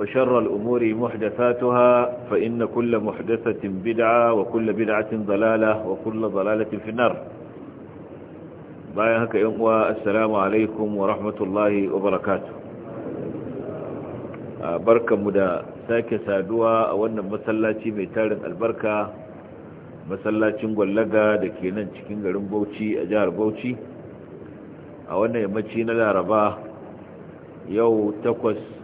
وشر الأمور محدثاتها فإن كل محدثة بدعة وكل بدعة ضلالة وكل ضلالة في النار بايهك يموى السلام عليكم ورحمة الله وبركاته بركة مدى ساكي سادوها أولا مسلاتي ميتال البركة مسلاتي مغلقة دكينا تكينا رمبوتي أجار بوتي أولا يمتشينا لارباه يو تقوس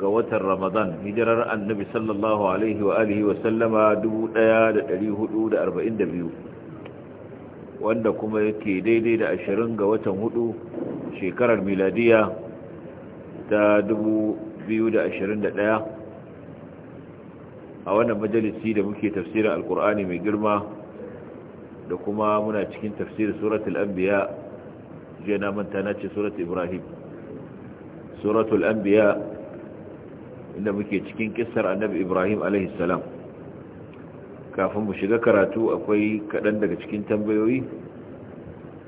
ga watan ramadan hijirar annabi sallallahu alaihi wa alihi wa sallama 1442 wanda kuma yake daidai da 20 ga watan hudu shekarar miladiya ta 2021 a wannan majalisi da muke tafsirin alkur'ani mai girma da kuma muna cikin tafsirin suratul anbiya jiya na manta na ce suratul ibrahim suratul anbiya inda muke cikin kisar annabi ibrahim a.s. kafin mu shiga karatu akwai kaɗan daga cikin tambayoyi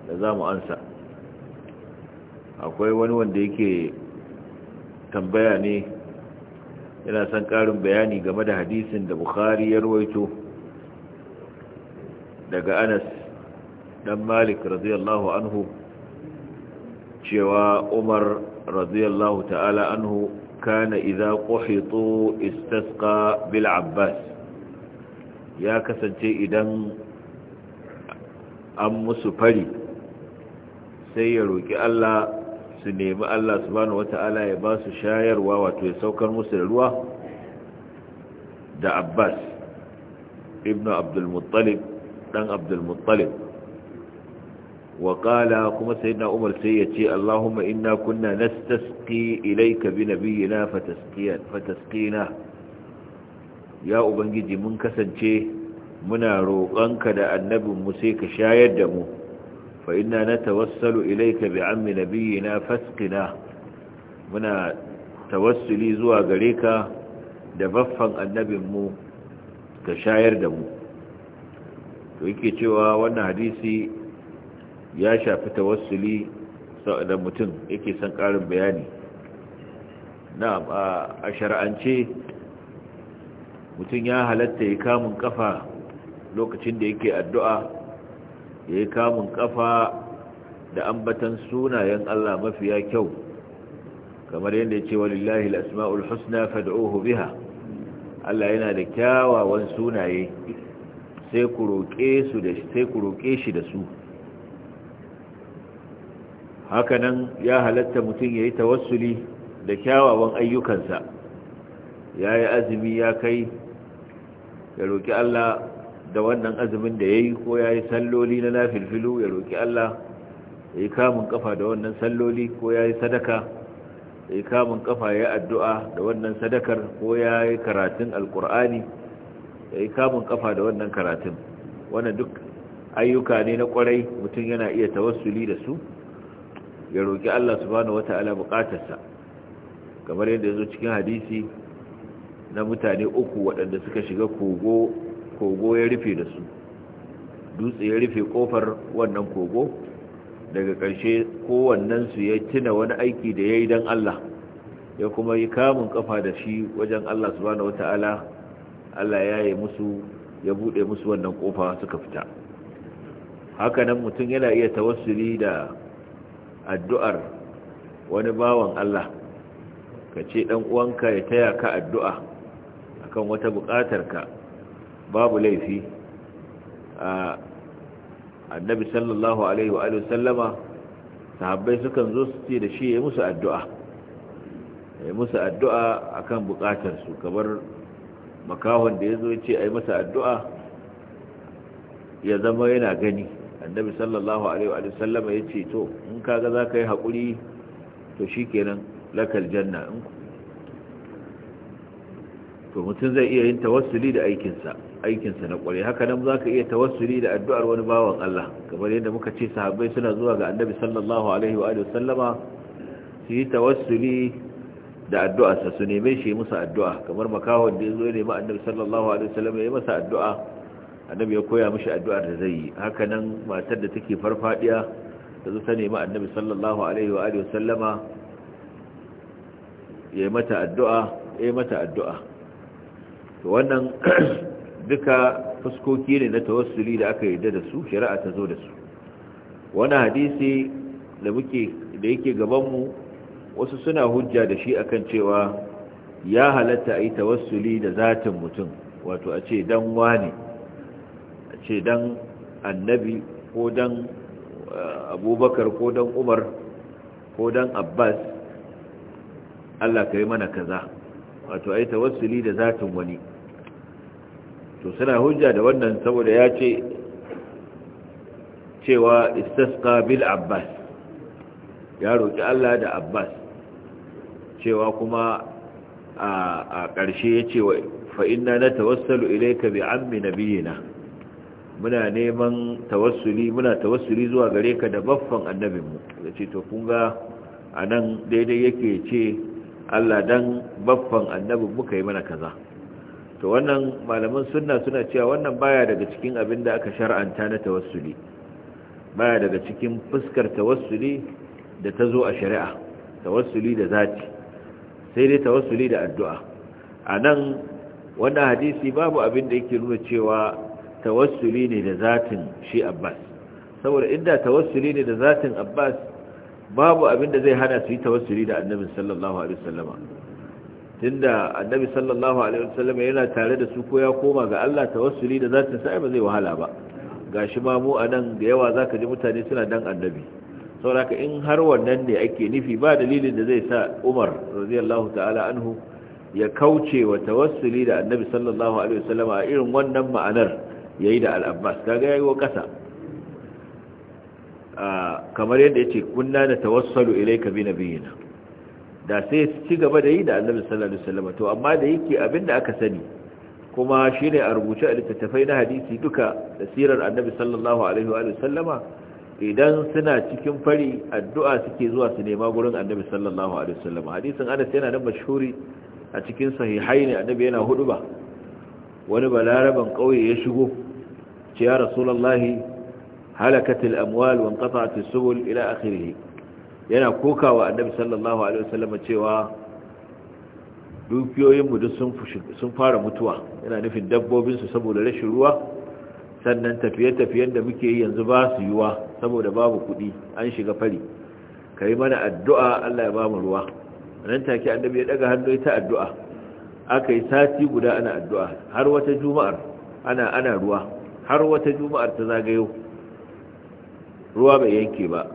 da za mu ansa akwai wani wanda yake tambaya ne yana son ƙarin bayani game da hadisin da bukari ya ruwaito daga anas dan malik radiyallahu anhu cewa umar radiyallahu ta'ala anhu kana idza quhitu istasqa bil abbas ya kasance idan an musu fari sai ya roki Allah su nemi Allah subhanahu wata'ala ya basu shayarwa wato ya saukar musu da ruwa da abbas ibnu abdul muttalib dan abdul وقال كما سيدنا عمر سيتي اللهم إنا كنا نستسقي إليك بنبينا فتسقينا يا أبنجي من كسنتي منا روقنك لأنب مسيك شايد دمو فإنا نتوسل إليك بعم نبينا فاسقنا منا توسلي زوا غريكا دففا النبي مو كشاير دمو ويكي تيوا وانا حديثي ya shafi tawassuli da mutum yake son ƙarin bayani na a shar'ance mutum ya halatta ya kamun kafa lokacin da yake addu'a ya yi kamun kafa da ambatan sunayen Allah mafiya kyau kamar yadda ya ce lillahi al'asma'ul husna fad'uhu biha Allah yana da kyawawan sunaye sai ku roƙe shi da su hakanan ya halatta mutum ya yi tawassuli da kyawawan ayyukansa ya yi azumi ya kai ya roƙi Allah da wannan azumin da ya yi ko ya yi salloli na lafilfilu ya roƙi Allah ya yi kamun kafa da wannan salloli ko ya yi sadaka ya yi kamun kafa ya yi addu'a da wannan sadakar ko ya yi karatun alƙur'ani ya yi kamun kafa da wannan karatun wannan duk ayyuka ne na kwarai mutum yana iya tawassuli da su ya roƙi Allah subhanahu wata'ala buƙatarsa kamar yadda ya zo cikin hadisi na mutane uku waɗanda suka shiga kogo kogo ya rufe da su dutse ya rufe kofar wannan kogo daga ƙarshe kowannensu ya tuna wani aiki da yayi yi don Allah ya kuma yi kamun kafa da shi wajen Allah subhanahu wata'ala Allah ya yi musu ya buɗe musu wannan kofa suka fita hakanan mutum yana iya tawassuli da addu'ar wani bawan Allah ka ce ɗan uwanka ya taya ka addu'a akan wata buƙatarka babu laifi a annabi sallallahu alaihi wa sallama sahabbai sukan zo su ce da shi ya musu addu'a ya musu addu'a akan su kamar makahon da ya zo ce a yi masa addu'a ya zama yana gani annabi sallallahu alaihi wa sallama ya ce to in kaga za ka yi haƙuri to shi kenan lakal janna in to mutum zai iya yin tawassuli da aikinsa aikinsa na ƙware haka nan za ka iya tawassuli da addu'ar wani bawan Allah kamar yadda muka ce sahabbai suna zuwa ga annabi sallallahu alaihi wa sallama su yi tawassuli da addu'arsa su neme shi musu addu'a kamar makawon da ya zo ya nemi annabi sallallahu alaihi wa sallama ya yi masa addu'a annabi ya koya mishi addu'ar da zai yi haka nan matar da take farfadiya da zai ta nemi annabi sallallahu alaihi wa alihi ya mata addu'a ya mata addu'a wannan duka fuskoki ne na tawassuli da aka yarda da su shari'a ta zo da su wani hadisi da muke da yake gaban mu wasu suna hujja da shi akan cewa ya halatta a yi tawassuli da zatin mutum wato a ce dan wane ce dan annabi ko dan eh, abubakar ko dan umar ko dan abbas allah ka yi mana kaza wato ai tawassuli da zatin wani to suna hujja da wannan saboda ya ce cewa istasqa bil abbas ya roki allah da abbas cewa kuma a ƙarshe ya ce wa fa'ina na tawassalu ilaika bi ammi nabiyina muna neman tawassuli muna tawassuli zuwa gare ka da baffan annabinmu ya ce to kun a nan daidai yake ce Allah dan baffan annabin muka yi mana kaza to wannan malaman sunna suna cewa wannan baya daga cikin abin da aka shar'anta na tawassuli baya daga cikin fuskar tawassuli da ta zo a shari'a tawassuli da zati sai dai tawassuli da addu'a a nan wannan hadisi babu abin da yake nuna cewa tawassuli ne da zatin shi abbas saboda inda tawassuli ne da zatin abbas babu abin da zai hana su yi tawassuli da annabi sallallahu alaihi tunda annabi sallallahu alaihi yana tare da su ko ya koma ga Allah tawassuli da zatin sa ba zai wahala ba gashi ma mu anan da yawa zaka ji mutane suna dan annabi saboda in har wannan ne ake nufi ba dalilin da zai sa Umar radiyallahu ta'ala anhu ya kauce wa tawassuli da annabi sallallahu alaihi a irin wannan ma'anar yayi da al’abbas ta kaga yayi wa kasa kamar yadda ya ce kunna da tawassalu ka bi na biyina da sai ci gaba da yi da annabi sallallahu alaihi wasallam to amma da yake abinda aka sani kuma shine a rubuce a littattafai na hadisi duka da sirar annabi sallallahu alaihi wa idan suna cikin fari addu'a suke zuwa su nema gurin annabi sallallahu alaihi wa hadisin Anas yana da mashhuri a cikin sahihai ne annabi yana hudu ba wani balaraban kauye ya shigo ce ya rasulallahi halakatil amwal wa qata'atis subul ila yana kokawa annabi sallallahu alaihi wasallam cewa dukiyoyin mu duk sun fara mutuwa yana nufin dabbobin su saboda rashin ruwa sannan tafiye-tafiyen da muke yi yanzu ba su yiwa saboda babu kuɗi an shiga fari kai mana addu'a Allah ya ba mu ruwa nan take annabi ya daga hannu ta addu'a aka yi sati guda ana addu'a har wata juma'ar ana ana ruwa har wata juma'ar ta zagayo ruwa bai yanke ba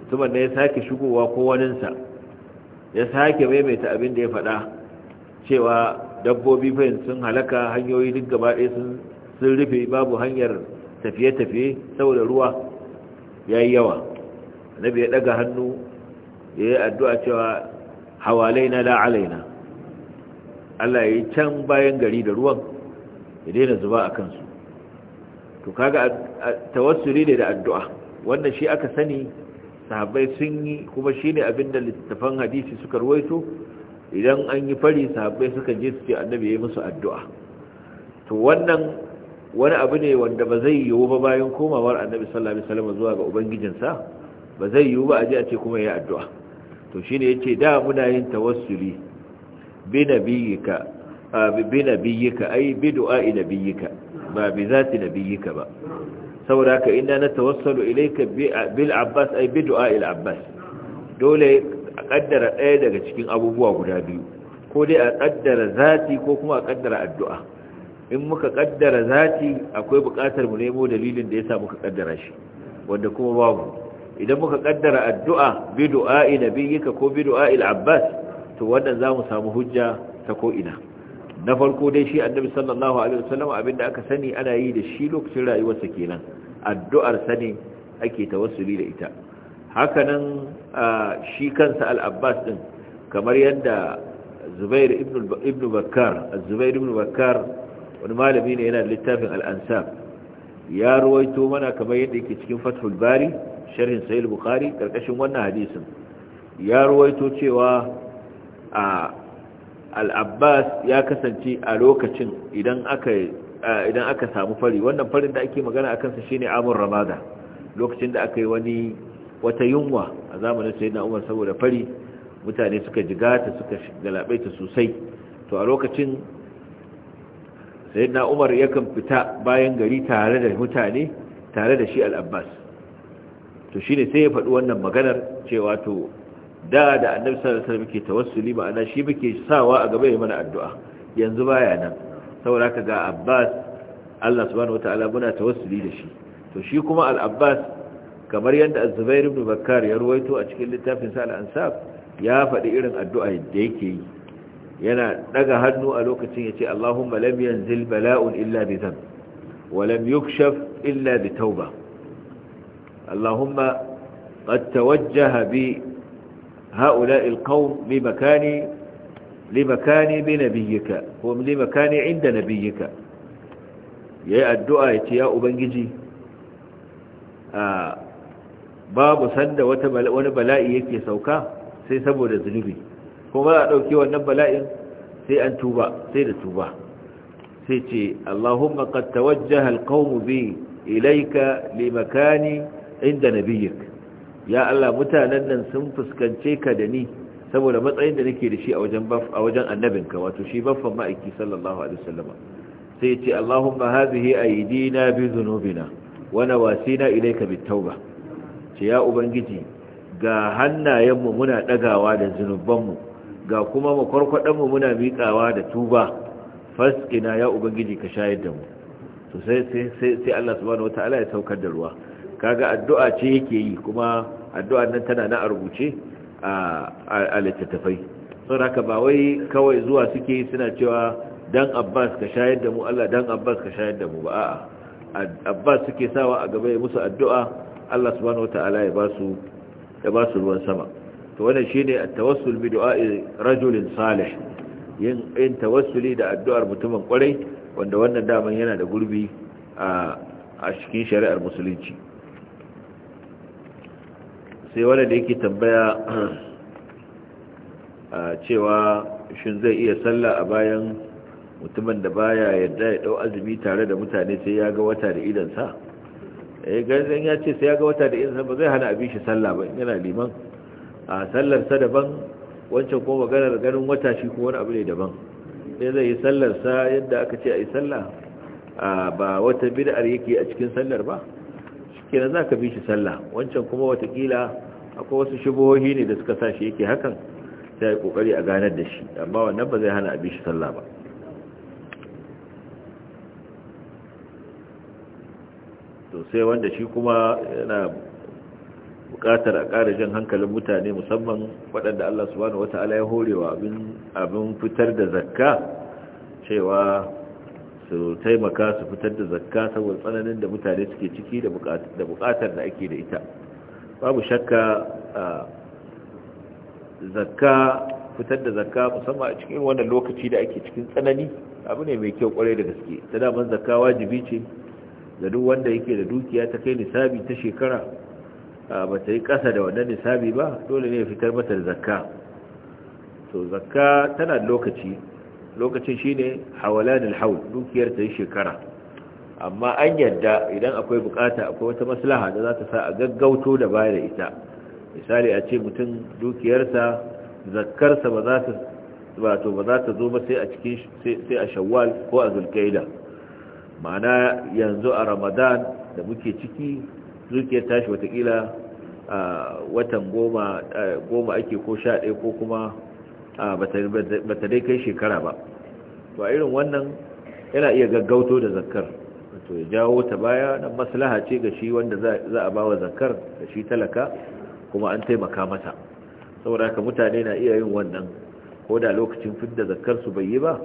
mutumin ne ya sake shigowa ko waninsa ya sake maimaita abin da ya faɗa cewa dabbobi fahim sun halaka hanyoyi duk gaba ɗaya sun rufe babu hanyar tafiye-tafiye saboda ruwa ya yi yawa annabi ya ɗaga hannu ya yi addu'a cewa hawalai na la'alaina Allah ya yi can bayan gari da ruwan ya daina zuba a kansu to kaga tawassuli ne da addu'a wannan shi aka sani sahabbai sun yi kuma shine da littafan hadisi suka ruwaito idan an yi fari sahabbai suka je su ce annabi ya musu addu'a to wannan wani abu ne wanda ba zai yiwu ba bayan komawar annabi sallallahu alaihi wasallam zuwa ga ubangijinsa ba zai yiwu ba a je a ce kuma ya addu'a to shine yace da muna yin tawassuli bi nabiyyika bi nabiyyika ai bi du'a nabiyyika ba bi zati nabiyika ba saboda haka na tawassalu ilayka bil abbas ay bi du'a il abbas dole a kaddara ɗaya daga cikin abubuwa guda biyu ko dai a kaddara zati ko kuma a kaddara addu'a in muka kaddara zati akwai buƙatar mu nemo dalilin da yasa muka kaddara shi wanda kuma babu idan muka kaddara addu'a bi du'a nabiyyika ko bi du'a il abbas to wannan zamu samu hujja ta ko ina na farko dai shi annabi sallallahu alaihi wasallam abinda aka sani ana yi da shi lokacin rayuwarsa kenan addu'ar sani ake tawassuli da ita hakanan shi kansa al-abbas din kamar yadda zubair ibn bakkar zubair ibn bakkar wani malami ne yana da littafin al-ansab ya ruwaito mana kamar yadda yake cikin fathul bari sharhin sahih bukhari karkashin wannan hadisin ya ruwaito cewa a al-abbas ya kasance a lokacin idan aka samu fari wannan farin da ake magana akan sa shine amur ramada lokacin da aka yi wani wata yunwa a zamanin sayyidina umar saboda fari mutane suka jigata suka ta sosai to a lokacin sayyidina umar yakan fita bayan gari tare da mutane tare da shi al to shine sai ya faɗi wannan maganar cewa to da da annabi sallallahu alaihi wasallam muke tawassuli ma'ana shi muke sawa a gaba ya mana addu'a yanzu baya nan saboda haka ga Abbas Allah subhanahu wataala muna tawassuli da shi to shi kuma al-Abbas kamar yadda Az-Zubair ibn Bakkar ya ruwaito a cikin littafin sa al-Ansab ya faɗi irin addu'a da yake yi yana daga hannu a lokacin yace Allahumma lam yanzil bala'un illa bi dhanb wa lam yukshaf illa bi tauba Allahumma قد توجه بي هؤلاء القوم لمكان لمكان بنبيك هم لمكان عند نبيك يا الدعاء يا أبنجي آه babu sanda wani bala'i yake sauka sai saboda zunubi kuma za a ɗauki wannan bala'in sai an tuba sai da tuba sai ce Allahumma bi inda ya Allah mutanen nan sun fuskance ka da ni saboda matsayin da nake da shi a wajen a wajen annabinka wato shi baffan ma'aiki sallallahu alaihi wasallam sai ya ce Allahumma hadhihi aydina bi dhunubina wa nawasina ilayka bit tauba ce ya ubangiji ga mu muna dagawa da mu ga kuma mu muna miƙawa da tuba fasqina ya ubangiji ka shayar da mu to sai sai sai Allah subhanahu wataala ya saukar da ruwa kaga addu'a ce yake yi kuma addu'a nan tana na a rubuce a littattafai sau haka ba wai kawai zuwa suke yi suna cewa dan abbas ka shayar da mu allah dan abbas ka shayar da mu ba a'a abbas suke sawa a gaba ya musu addu'a allah subhanahu wata'ala ya basu ya ruwan sama to wannan shine at-tawassul bi du'a rajulin salih yin in tawassuli da addu'ar mutumin kwarai wanda wannan daman yana da gurbi a cikin shari'ar musulunci sai wanda da yake tambaya a cewa shin zai iya sallah a bayan mutumin da baya yadda ya dau azumi tare da mutane sai ya ga wata da idansa eh garzan ya ce sai ya ga wata da idansa ba zai hana abin shi sallah ba yana liman a sallar sa daban wancan ko maganar ganin wata shi ko wani abu ne daban sai zai yi sallar sa yadda aka ce a yi sallah ba wata bid'ar yake a cikin sallar ba kenan za ka bi shi sallah wancan kuma watakila akwai wasu shubohi ne da suka sa shi yake hakan sai ya kokari a ganar da shi amma wannan ba zai hana a bi shi sallah ba to sai wanda shi kuma yana bukatar a ƙara jan hankalin mutane musamman waɗanda Allah subhanahu wata'ala ya horewa abin fitar da zakka cewa su taimaka su fitar da zakka saboda tsananin da mutane suke ciki da bukatar da ake da ita babu shakka zakka fitar da zakka musamman a cikin wannan lokaci da ake cikin tsanani abu ne mai kyau kwarai da gaske ta daman zakka wajibi ce da duk wanda yake da dukiya ta kai nisabi ta shekara ba ta yi kasa da wannan nisabi ba dole ne ya fitar mata da zakka to zakka tana lokaci lokacin shine da haul dukiyar ta yi shekara amma an yadda idan akwai bukata akwai wata maslaha da za ta sa a gaggauto da baya da ita misali a ce mutum dukiyarsa zakkarsa ba za ta wato ba ta zo ba sai a cikin a shawwal ko a zulkaida ma'ana yanzu a ramadan da muke ciki dukiyar tashi watakila a watan goma ake ko sha ɗaya ko kuma ba ta dai kai shekara ba to a irin wannan yana iya gaggauto da zakkar to ya jawo ta baya nan maslaha ce ga shi wanda za a bawa zakar da shi talaka kuma an taimaka mata saboda haka mutane na iya yin wannan ko da lokacin fidda zakar su bai yi ba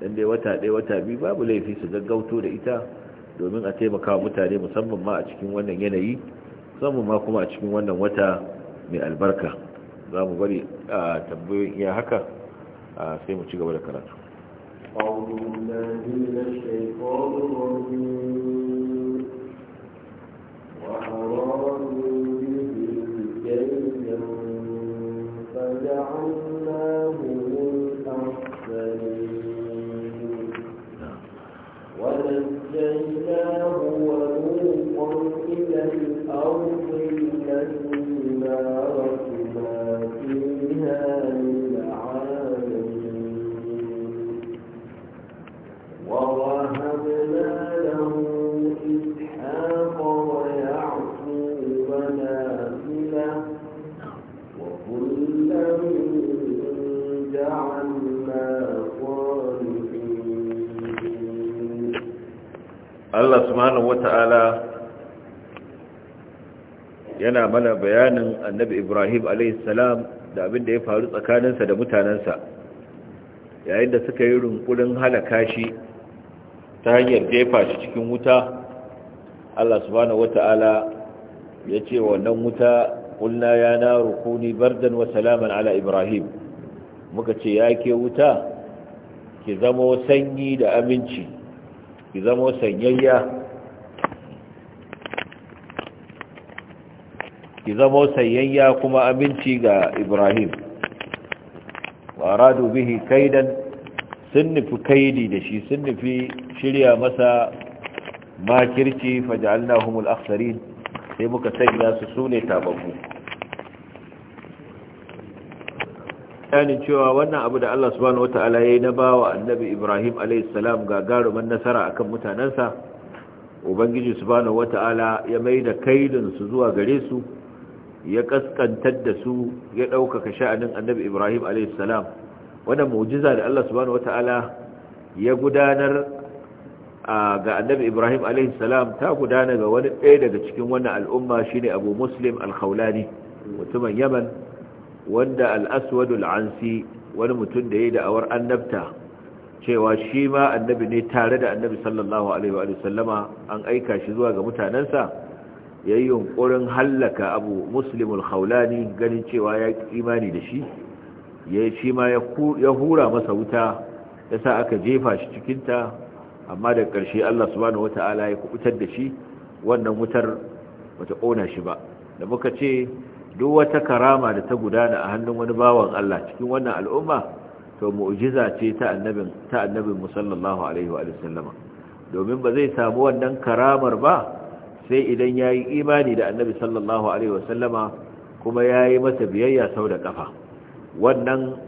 dan dai wata ɗaya wata biyu babu laifi su gaggauto da ita domin a taimaka wa mutane musamman ma a cikin wannan yanayi musamman ma kuma a cikin wannan wata mai albarka za mu bari a tambayoyin iya haka sai mu ci gaba da karatu أعوذ بالله من الشيطان الرجيم وأرادوا به كيدا فجعلناه الأخسرين نعم. ونجيناه ولوطا إلى الأرض التي mana bayanin annabi ibrahim alaihissalam da abin da ya faru tsakaninsa da mutanensa yayin da suka yi runkurin halaka shi ta hanyar jefa shi cikin wuta allah subhanahu wata'ala ya ce wannan wuta ƙulna ya na rukuni bardan wa salaman ala ibrahim muka ce ya ke wuta ki zamo sanyi da aminci ki zamo sanyayya ki zama sayayya kuma aminci ga ibrahim wa radu bihi kaidan sun nufi kaidi da shi sun nufi shirya masa makirci Humul akhsarin sai muka sanya su sune tababbu yani cewa wannan abu da Allah subhanahu wata'ala ya yi na bawa annabi Ibrahim ga garuman nasara akan mutanensa Ubangiji subhanahu wata'ala ya mai da kaidinsu zuwa gare su ya kaskantar da su ya ɗaukaka sha'anin annabi ibrahim a.s. wannan mu'jiza da allah subhanahu ta'ala ya gudanar ga annabi ibrahim a.s. ta gudana ga wani ɗaya daga cikin wannan al'umma shine abu muslim alkhaulani mutumin yaman wanda al'aswadu al'ansi wani mutum da ya yi da'awar annabta cewa shi ma annabi ne tare da annabi sallallahu alaihi wa sallama an aika shi zuwa ga mutanensa ya yi yunkurin hallaka abu muslimul haulani ganin cewa ya imani da shi ya shi ma ya hura masa wuta ya sa aka jefa shi cikinta amma da ƙarshe allah subhanahu wa ta'ala ya kubutar da shi wannan wutar bata ƙona shi ba da muka ce duk wata karama da ta gudana a hannun wani bawan allah cikin wannan al'umma to mu'jiza ce ta annabin ta annabin musallallahu alaihi wa sallama domin ba zai samu wannan karamar ba sai idan ya yi imani da annabi sallallahu alaihi wasallama kuma ya yi masa biyayya sau da kafa wannan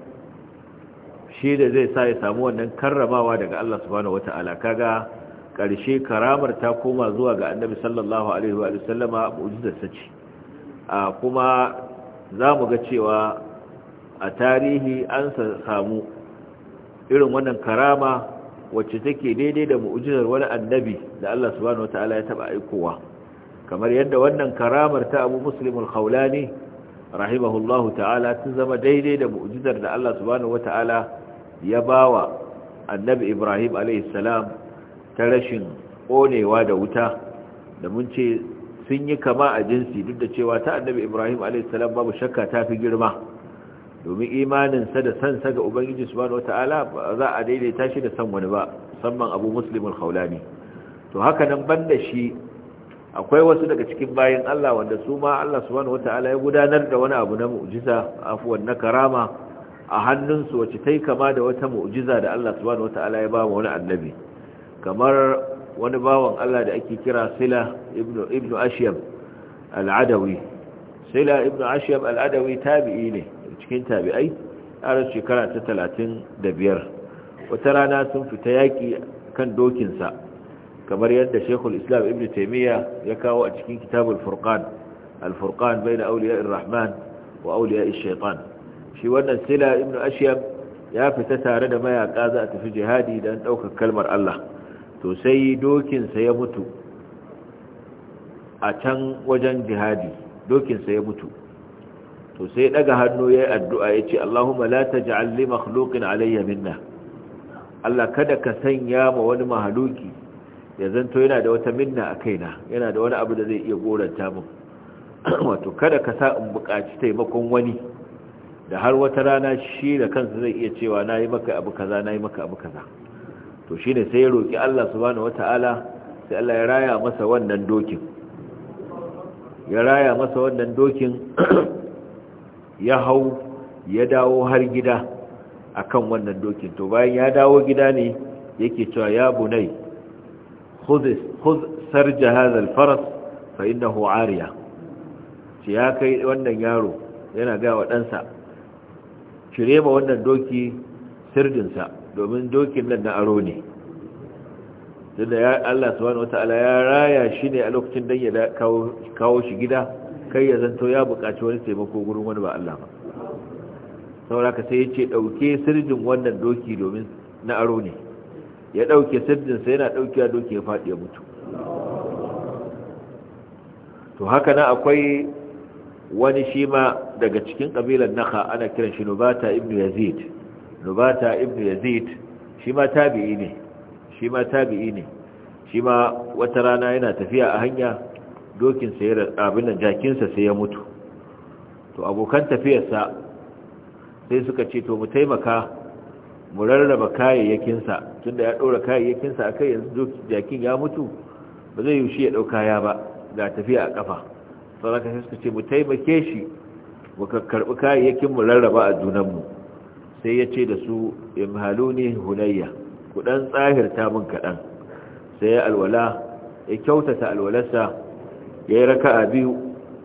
shi da zai sa ya samu wannan karramawa daga Allah subhanahu ta'ala kaga ƙarshe karamar ta koma zuwa ga annabi sallallahu alaihi wasallama mu'jizarsa a kuma za mu ga cewa a tarihi an samu irin wannan karama wacce take daidai da mu'ujizar wani annabi da Allah subhanahu wataala ya taba aikowa kamar yadda wannan karamar ta Abu Muslim al-Khawlani rahimahullahu ta'ala ta zama daidai da mu'jizar da Allah subhanahu wataala ya bawa annabi Ibrahim alayhi salam ta rashin konewa da wuta da mun ce sun yi kama a jinsi duk da cewa ta annabi Ibrahim alayhi salam babu shakka ta fi girma domin imaninsa da sansa ga ubangiji subhanahu wata'ala ba za a daidaita shi da san wani ba musamman abu muslimul khawlani to haka nan banda shi akwai wasu daga cikin bayan Allah wanda su ma Allah wata'ala ya gudanar da wani abu na mu'jiza afwan na karama a hannunsu wacce ta yi kama da wata mu'jiza da Allah subhanahu wata'ala ya ba wa wani annabi kamar wani bawan Allah da ake kira Sila ibnu ibnu Ashyab al Sila ibnu Ashyab al tabi'i ne cikin tabi'ai a shekara ta talatin da biyar wata rana sun fita yaƙi kan dokinsa kamar yadda shekul islam ibn taimiyya ya kawo a cikin kitab al-furqan al-furqan bai da auliya rahman wa auliya shaitan shi wannan sila ibn ashiyam ya fita tare da mayaƙa za a tafi jihadi don ɗaukar kalmar allah to sai dokinsa ya mutu a can wajen jihadi dokinsa ya mutu to sai daga hannu ya yi addu'a ya ce Allahumma la taj'al li makhluqin alayya minna Allah kada ka sanya ma wani mahaluki ya zanto yana da wata minna a kaina yana da wani abu da zai iya goranta min wato kada ka sa in buƙaci taimakon wani da har wata rana shi da kansa zai iya cewa na yi maka abu kaza na yi maka abu kaza to shi ne sai ya roƙi Allah subhanahu wata'ala sai Allah ya raya masa wannan dokin ya raya masa wannan dokin ya hau ya dawo har gida akan wannan dokin to bayan ya dawo gida ne yake cewa ya bunai khudh sarja hadha al-faras fa innahu ariya ce ya kai wannan yaro yana ga wa cire ma wannan doki sa domin dokin nan na aro ne tunda ya Allah subhanahu wataala ya raya shi ne a lokacin dan ya kawo shi gida kai ya zanto ya buƙaci wani taimako gurin wani ba Allah ba sauraka sai ya ce ɗauke sirjin wannan doki domin na aro ne ya ɗauke sirjinsa yana ɗauke doki ya faɗi ya mutu to haka na akwai wani shi ma daga cikin ƙabilar naka ana kiran shi nubata ibn yazid nubata ibn yazid shi ma tabi'i ne shi ma tabi'i ne shi ma wata rana yana tafiya a hanya dokinsa ya abin da jakinsa sai ya mutu to abokan tafiyarsa sai suka ce to mu taimaka mu rarraba kayayyakinsa tunda ya ɗora kayayyakinsa a kai yanzu jakin ya mutu ba zai yushi ya ɗauka ya ba ga tafiya a ƙafa saraka sai suka ce mu taimake shi mu karɓi kayayyakin mu rarraba a junanmu sai ya ce da su imhaluni hunayya ku ɗan tsahirta min kaɗan sai ya alwala ya kyautata alwalarsa ya yi raka a biyu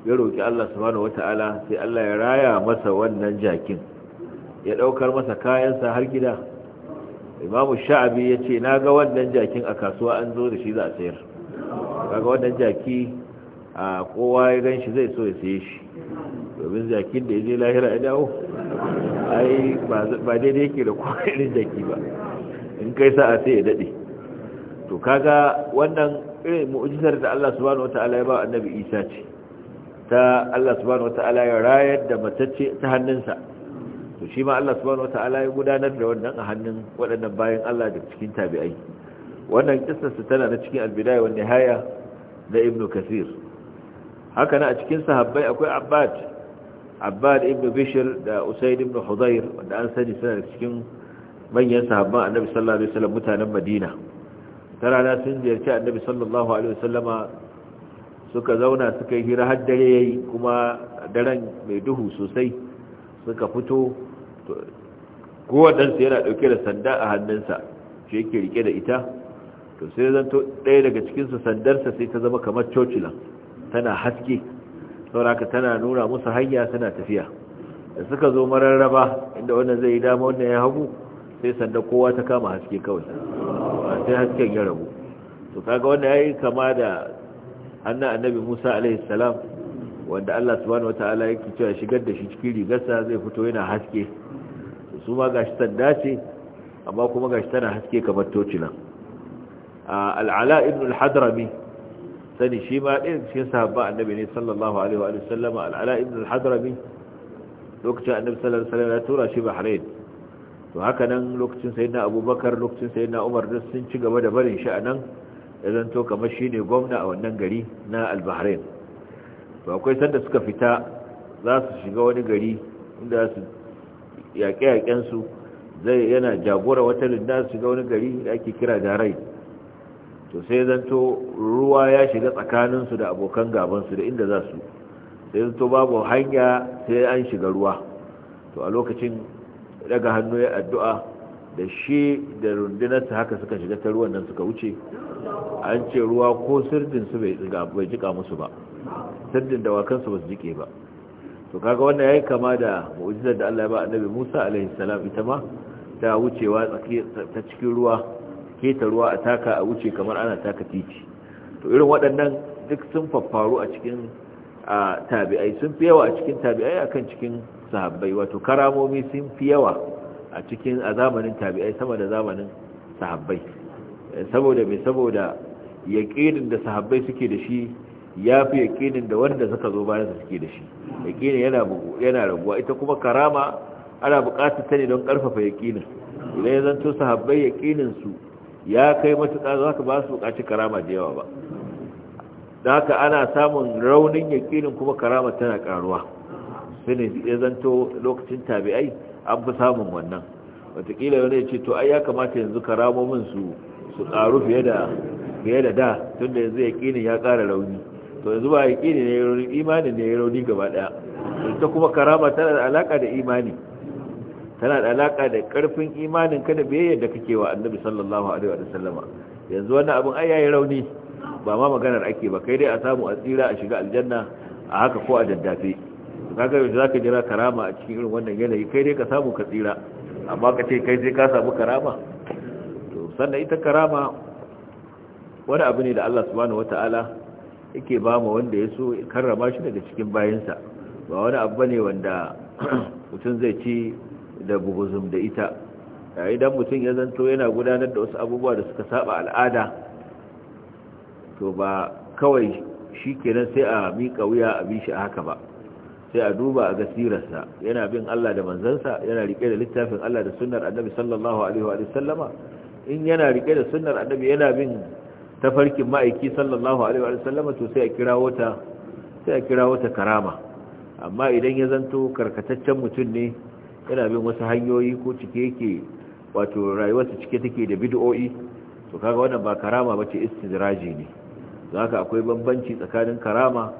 ya roƙi Allah subhanahu wata'ala sai Allah ya raya masa wannan jakin ya ɗaukar masa kayansa har gida imamu sha'abi ya ce na ga wannan jakin a kasuwa an zo da shi za a sayar ga wannan jaki a kowa ya gan shi zai so ya saye shi domin jakin da ya je lahira ya dawo ai ba daidai yake da kowa irin jaki ba in kai sa a sai ya daɗe to kaga wannan irin mu'jizar da Allah subhanahu wataala ya ba annabi Isa ce ta Allah subhanahu wataala ya rayar da matacce ta hannunsa to shi ma Allah subhanahu wataala ya gudanar da wannan a hannun waɗannan bayan Allah da cikin tabi'ai wannan kissar tana na cikin al-bidaya wa nihaya da ibnu kasir haka na a cikin sahabbai akwai abbad abbad ibnu bishr da usayd ibnu hudayr wanda an sani suna cikin manyan sahabban annabi sallallahu alaihi wasallam mutanen madina ta rana sun ziyarci annabi sallallahu alaihi wasallama suka zauna suka yi hira har dare yayi kuma daren mai duhu sosai suka fito kowaɗansu yana ɗauke da sanda a hannunsa shi yake rike da ita to sai zanto ɗaya daga cikinsu sandarsa sai ta zama kamar cocila tana haske sauraka tana nuna musu hanya suna tafiya da suka zo mararraba inda wannan zai yi dama wannan ya hagu sai sanda kowa ta kama haske kawai sai hasken ya rabu to kaga wanda yayi kama da anna annabi Musa alaihi salam wanda Allah subhanahu wataala yake cewa shigar da shi cikin rigarsa zai fito yana haske to su ma gashi sanda ce amma kuma gashi tana haske kamar tocila al-ala ibn al-hadrami sani shi ma ɗin cikin sahabba annabi ne sallallahu alaihi wa sallama al-ala ibn al-hadrami lokacin annabi sallallahu alaihi wa sallama ya tura shi Bahrain to haka nan lokacin sai na abubakar lokacin na umar duk sun ci gaba da barin shi a nan idan to kamar shi ne gwamna a wannan gari na albaharin to akwai sanda suka fita za su shiga wani gari inda su yaƙe-yaƙensu zai yana jagora wata linda su shiga wani gari da ake kira da rai to sai zanto ruwa ya shiga tsakaninsu da abokan gabansu da inda za su sai zanto babu hanya sai an shiga ruwa to a lokacin daga hannu ya addu'a da shi da rundunarsa haka suka shiga ta ruwan nan suka wuce an ce ruwa ko sirdin su bai jika musu ba sirdin dawakansu ba su jike ba to kaga wannan yayi kama da mu'jizar da Allah ya ba annabi Musa alaihi salam ita ma ta wucewa ta cikin ruwa keta ruwa a taka a wuce kamar ana taka titi to irin waɗannan duk sun faffaru a cikin tabi'ai sun fi yawa a cikin tabi'ai akan cikin sahabbai wato karamomi sun fi yawa a cikin a zamanin tabi'ai sama da zamanin sahabbai eh, saboda mai saboda yaƙinin da sahabbai suke da shi ya fi yaƙinin da wanda suka zo bayan suke da shi yaƙinin yana raguwa ita kuma karama ana buƙatar ta ne don ƙarfafa yaƙinin idan ya zanto sahabbai yaƙinin su ya kai matuƙa za ka ba su buƙaci karama da yawa ba da haka ana samun raunin yaƙinin kuma karama tana ƙaruwa sai ne ya zanto lokacin tabi'ai an fi samun wannan watakila wani ya ce to ai ya kamata yanzu ka ramo min su su karu fiye da fiye da da tunda yanzu ya kini ya kara rauni to yanzu ba kini ne rauni imani ne ya rauni gaba ɗaya ta kuma karama tana da alaka da imani tana da alaka da karfin imanin ka da biyayyar da kake wa annabi sallallahu alaihi wa sallama yanzu wannan abin ai yayi rauni ba ma maganar ake ba kai dai a samu a tsira a shiga aljanna a haka ko a daddafe to kaga yanzu zaka jira karama a cikin irin wannan yanayi kai dai ka samu ka tsira amma ka ce kai sai ka samu karama to sannan ita karama wani abu ne da Allah subhanahu wataala yake ba mu wanda ya so karrama shi daga cikin bayansa ba wani abu bane wanda mutum zai ci da buguzum da ita idan mutum ya zanto yana gudanar da wasu abubuwa da suka saba al'ada to ba kawai shi kenan sai a miƙa wuya a bi shi haka ba sai a duba a gasirarsa yana bin Allah da manzansa yana rike da littafin Allah da sunnar annabi sallallahu alaihi wa sallama in yana rike da sunnar annabi yana bin tafarkin ma'aiki sallallahu alaihi wa sallama to sai a kirawo ta sai a kira wata karama amma idan ya zanto karkataccen mutum ne yana bin wasu hanyoyi ko cike yake wato rayuwarsa cike take da bid'o'i to kaga wannan ba karama bace istidraji ne zaka akwai bambanci tsakanin karama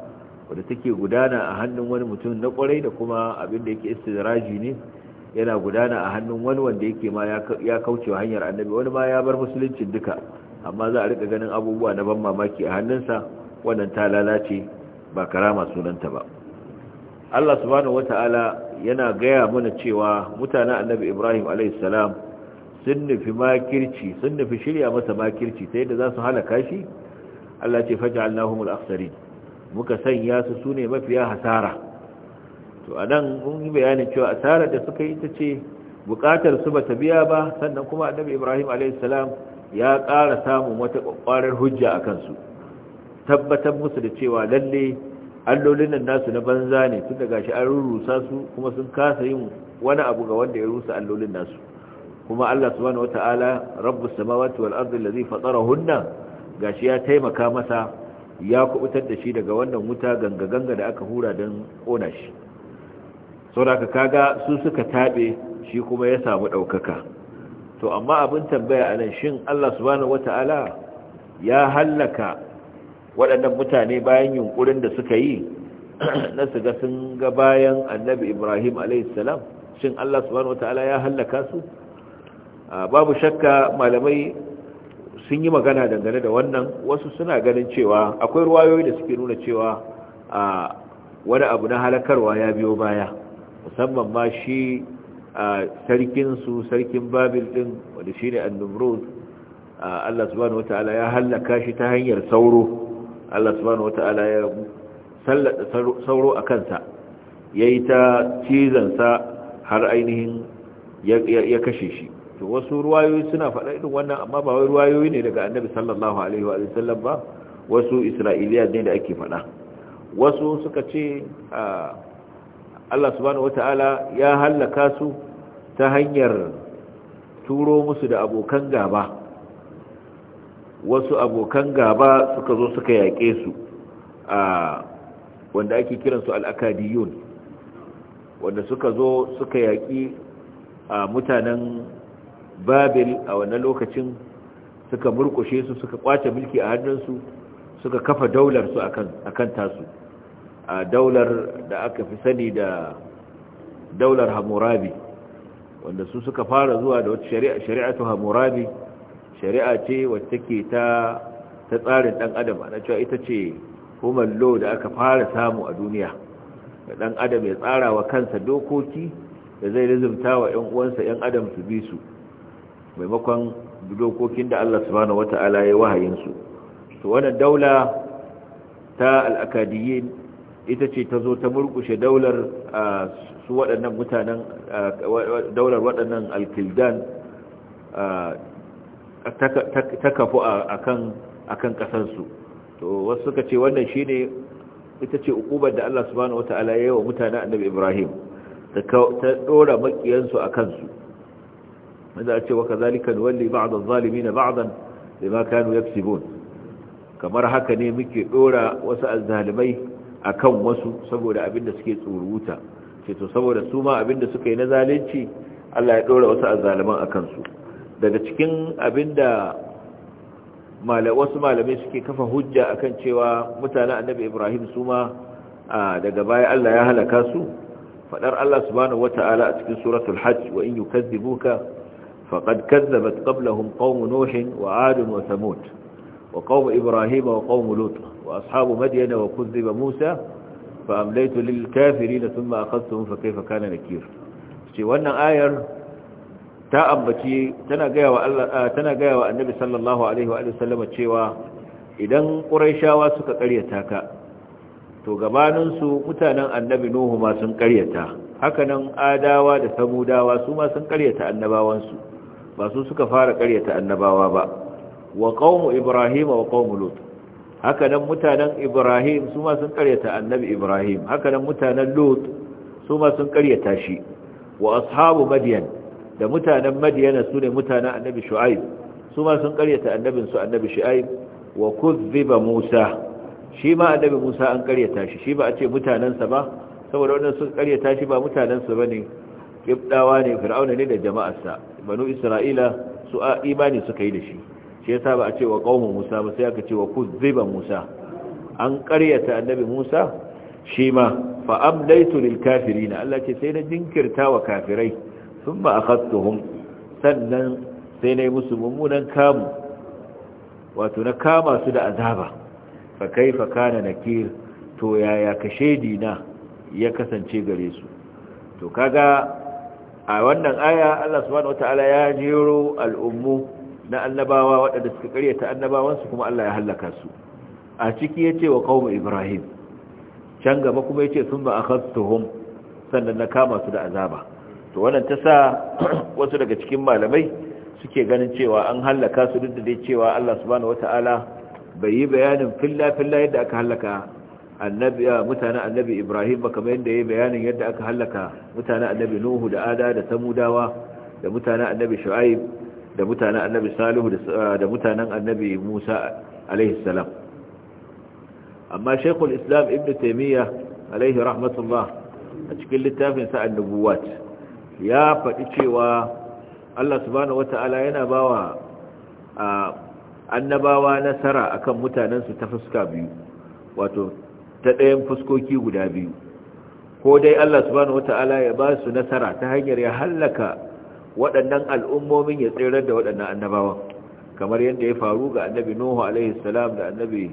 wadda take gudana a hannun wani mutum na kwarai da kuma abin da yake istiraji ne yana gudana a hannun wani wanda yake ma ya kaucewa hanyar annabi wani ma ya bar musuluncin duka amma za a rika ganin abubuwa na ban mamaki a hannunsa wannan ta lalace ba karama sunanta ba Allah subhanahu wata'ala yana gaya mana cewa mutanen annabi Ibrahim alayhis salam sun nufi makirci sun nufi shirya masa makirci ta yadda za su halaka shi Allah ce faja'alnahumul akhsarin muka sanya su su ne mafiya hasara to a nan mun yi bayanin cewa asarar da suka yi ta ce bukatar su ba ta biya ba sannan kuma annabi ibrahim alaihissalam ya ƙara samun wata kwakwarar hujja a kansu tabbatar musu da cewa lalle allolin nasu na banza ne tun gashi an rurrusa su kuma sun kasa yin wani abu ga wanda ya rusa allolin nasu kuma Allah subhanahu wataala rabbus samawati wal ardi allazi fatarahunna gashi ya taimaka masa ya kubutar da shi daga wannan wuta ganga-ganga da aka hura don ƙona shi da kaga su suka taɓe shi kuma ya samu ɗaukaka to amma abin tambaya a nan shin allah subhanahu wata'ala ya hallaka waɗannan mutane bayan yunkurin da suka yi na su ga sun ga bayan annabi ibrahim a.s. shin allah subhanahu wata'ala ya hallaka su ah, babu shakka malamai sun yi magana dangane da wannan wasu suna ganin cewa akwai ruwayoyi da suke nuna cewa a wani abu na halakarwa ya biyo baya musamman ma shi sarkinsu sarkin babil din wanda shi ne annumruz Allah subhanahu wata'ala ya halaka shi ta hanyar sauro Allah subhanahu wata'ala ya sallata sauro a kansa ya yi ta cizansa har ainihin ya kashe shi to wasu ruwayoyi suna faɗa irin wannan amma ba wai ruwayoyi ne daga annabi sallallahu alaihi wa sallam ba wasu isra'iliya ne da ake faɗa wasu suka ce Allah subhanahu wata'ala ya hallaka su ta hanyar turo musu da abokan gaba wasu abokan gaba suka zo suka yaƙe su a wanda ake kiransu al'akadiyun wanda suka zo suka yaƙi a mutanen babil a wannan lokacin suka murkushe su suka kwace mulki a hannunsu suka kafa daular su akan tasu a daular da aka fi sani da daular hamurabi wanda su suka fara zuwa da wata shari'atu hamurabi shari'a ce wacce take ta ta tsarin dan adam ana cewa ita ce human lo da aka fara samu a duniya da dan adam ya tsara wa kansa dokoki da zai rizumta wa 'yan uwansa 'yan adam su bi su maimakon dokokin da Allah subhanahu wata'ala ya wahayin su to wannan daula ta al-akadiyyin ita ce ta zo ta murkushe daular su waɗannan mutanen daular waɗannan al-kildan ta kafu akan akan kasar to wasu suka ce wannan shi ne ita ce ukubar da Allah subhanahu wata'ala ya yi wa mutanen Annabi Ibrahim ta ɗora makiyansu akan su maza ce wa kazalika nuwalli ba'd adh-dhalimin ba'dan bima kanu yaksibun kamar haka ne muke dora wasu azzalimai akan wasu saboda abinda suke tsuruta ce to saboda su ma abinda suka yi na zalunci Allah ya dora wasu azzaliman akan su daga cikin abinda wasu malamai suke kafa hujja akan cewa mutanen annabi Ibrahim su ma daga baya Allah ya halaka su fadar Allah subhanahu wataala a cikin suratul hajj wa in yukazzibuka فقد كذبت قبلهم قوم نوح وعاد وثمود وقوم إبراهيم وقوم لوط وأصحاب مدين وكذب موسى فأمليت للكافرين ثم أخذتهم فكيف كان نكير وانا آير تأمبتي تنقيا والنبي صلى الله عليه وآله وسلم تشيوا إذن قريشاوا سكا قريتاكا to gabaninsu mutanen annabi Nuhu ma sun karyata hakanan adawa da samudawa su ma sun karyata annabawansu ba su suka fara karyata annabawa ba wa qaumu ibrahim wa qaumu lut haka nan mutanen ibrahim su ma sun karyata annabi ibrahim haka nan mutanen lut su ma sun karyata shi wa ashabu madyan da mutanen madyan su ne mutanen annabi shu'aib su ma sun karyata annabin su annabi shu'aib wa kuzziba musa shi ma annabi musa an karyata shi shi ba a ce sa ba saboda wannan sun karyata shi ba sa bane kibdawa ne fir'auna ne da jama'arsa banu isra'ila su a imani suka yi da shi shi yasa ba a ce wa qaumu musa ba sai aka ce wa kuzziba musa an ƙaryata annabi musa shi ma fa amlaytu lil kafirin Allah ce sai na jinkirta wa kafirai thumma akhadtuhum sannan sai na yi musu mummunan kamu wato na kama su da azaba fa kaifa kana nakir to yaya kashe dina ya kasance gare su to kaga a wannan aya Allah subhanahu wataala ya jero al'ummu na annabawa waɗanda suka karyata annabawansu kuma Allah ya halaka su a ciki yace wa qaum ibrahim can gaba kuma yace thumma akhadtuhum sannan na kama su da azaba to wannan ta sa wasu daga cikin malamai suke ganin cewa an halaka su duk da dai cewa Allah subhanahu wataala bai yi bayanin filla filla yadda aka halaka annabi mutanen annabi ibrahim ba kamar yadda ya yi bayanin yadda aka halaka mutane annabi nuhu da ada da samudawa da mutane annabi shu'aib da mutane annabi salihu uh, da mutanen annabi musa alaihi salam amma shaykhul islam ibn taymiya alaihi rahmatullah a cikin littafin sa annubuwat ya faɗi cewa Allah subhanahu wata'ala yana bawa uh, annabawa nasara akan mutanensu ta fuska biyu wato ta ɗayan fuskoki guda biyu ko dai Allah subhanahu wata'ala ya ba su nasara ta hanyar ya hallaka waɗannan al'ummomin ya tsirar da waɗannan annabawan kamar yadda ya faru ga annabi Nuhu alaihi salam da annabi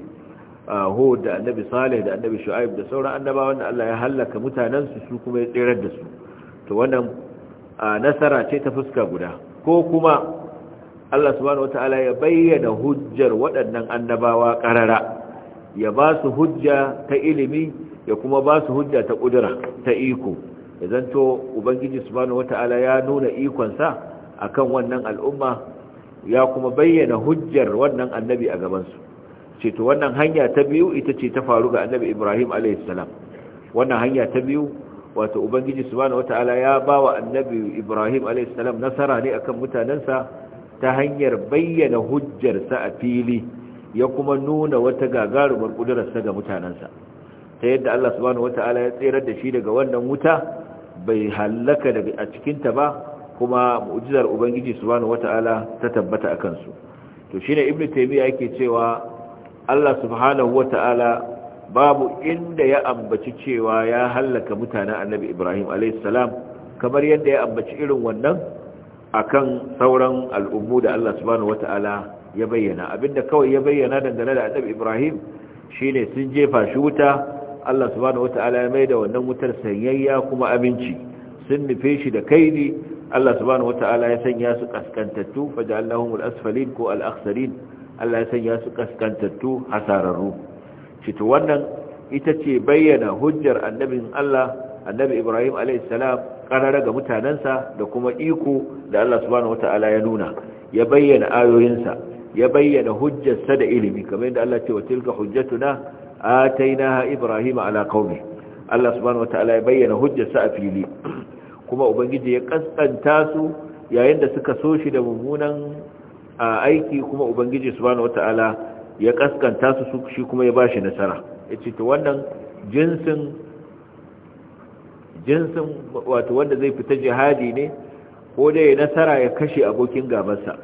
Hud da annabi Salih da annabi Shu'aib da sauran annabawan da Allah ya hallaka mutanensu su kuma ya tsirar da su to wannan nasara ce ta fuska guda ko kuma Allah subhanahu wata'ala ya bayyana hujjar waɗannan annabawa ƙarara ya ba su hujja ta ilimi ya kuma ba su hujja ta kudura ta iko ya zanto ubangiji subhanahu wata'ala ya nuna ikonsa akan wannan al'umma ya kuma bayyana hujjar wannan annabi a gabansu ce to wannan hanya ta biyu ita ce ta faru ga annabi ibrahim alaihissalam wannan hanya ta biyu wato ubangiji subhanahu wata'ala ya ba wa annabi ibrahim alaihissalam nasara ne akan mutanensa ta hanyar bayyana hujjarsa a fili ya kuma nuna wata gagarumar kudurarsa ga mutanensa ta yadda Allah subhanahu wata'ala ya tserar da shi daga wannan wuta bai hallaka daga a cikinta ba kuma mu'jizar ubangiji subhanahu wata'ala ta tabbata a kansu to shine ibnu taymiya yake cewa Allah subhanahu wata'ala babu inda ya ambaci cewa ya hallaka mutanen annabi Ibrahim a.s. kamar yadda ya ambaci irin wannan akan sauran al'ummu da Allah subhanahu wata'ala ya bayyana abinda kawai ya bayyana dangane da annabi ibrahim shine sun jefa shi wuta Allah subhanahu wataala ya maida wannan wutar sanyayya kuma abinci sun nufe shi da kaidi Allah subhanahu wataala ya sanya su kaskantattu faja'alnahum al-asfalin ko al-akhsarin Allah ya sanya su kaskantattu hasararru cito wannan ita ce bayyana hujjar annabin Allah annabi Ibrahim alayhi salam karara ga mutanensa da kuma iko da Allah subhanahu wataala ya nuna ya bayyana ayoyinsa ya bayyana hujjarsa da ilimi kamar yadda Allah ce wa tilka hujjatuna atainaha ibrahim ala qaumi Allah subhanahu wataala ya bayyana hujjarsa a fili kuma ubangiji ya kaskanta su yayin da suka so shi da mummunan aiki kuma ubangiji subhanahu wataala ya kaskanta su shi kuma ya bashi nasara yace to wannan jinsin jinsin wato wanda zai fita jihadi ne ko dai nasara ya kashe abokin gabansa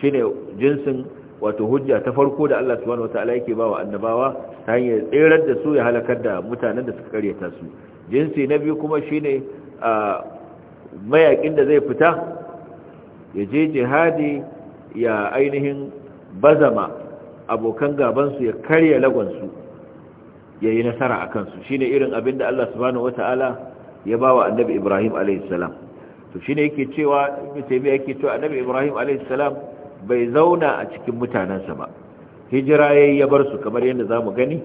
shine jinsin wato hujja ta farko da Allah subhanahu wataala yake bawa annabawa ta hanyar tserar da su ya halakar da mutanen da suka karyata su jinsi na biyu kuma shine mayakin da zai fita ya je jihadi ya ainihin bazama abokan gabansu ya karya lagonsu ya yi nasara a kansu shi ne irin abin da Allah subhanahu wata'ala ya ba wa annabi Ibrahim a.s. to shi ne yake cewa ibn taimiyya yake cewa annabi Ibrahim a.s. bai zauna a cikin mutanensa ba hijira yayi ya bar su kamar yadda zamu gani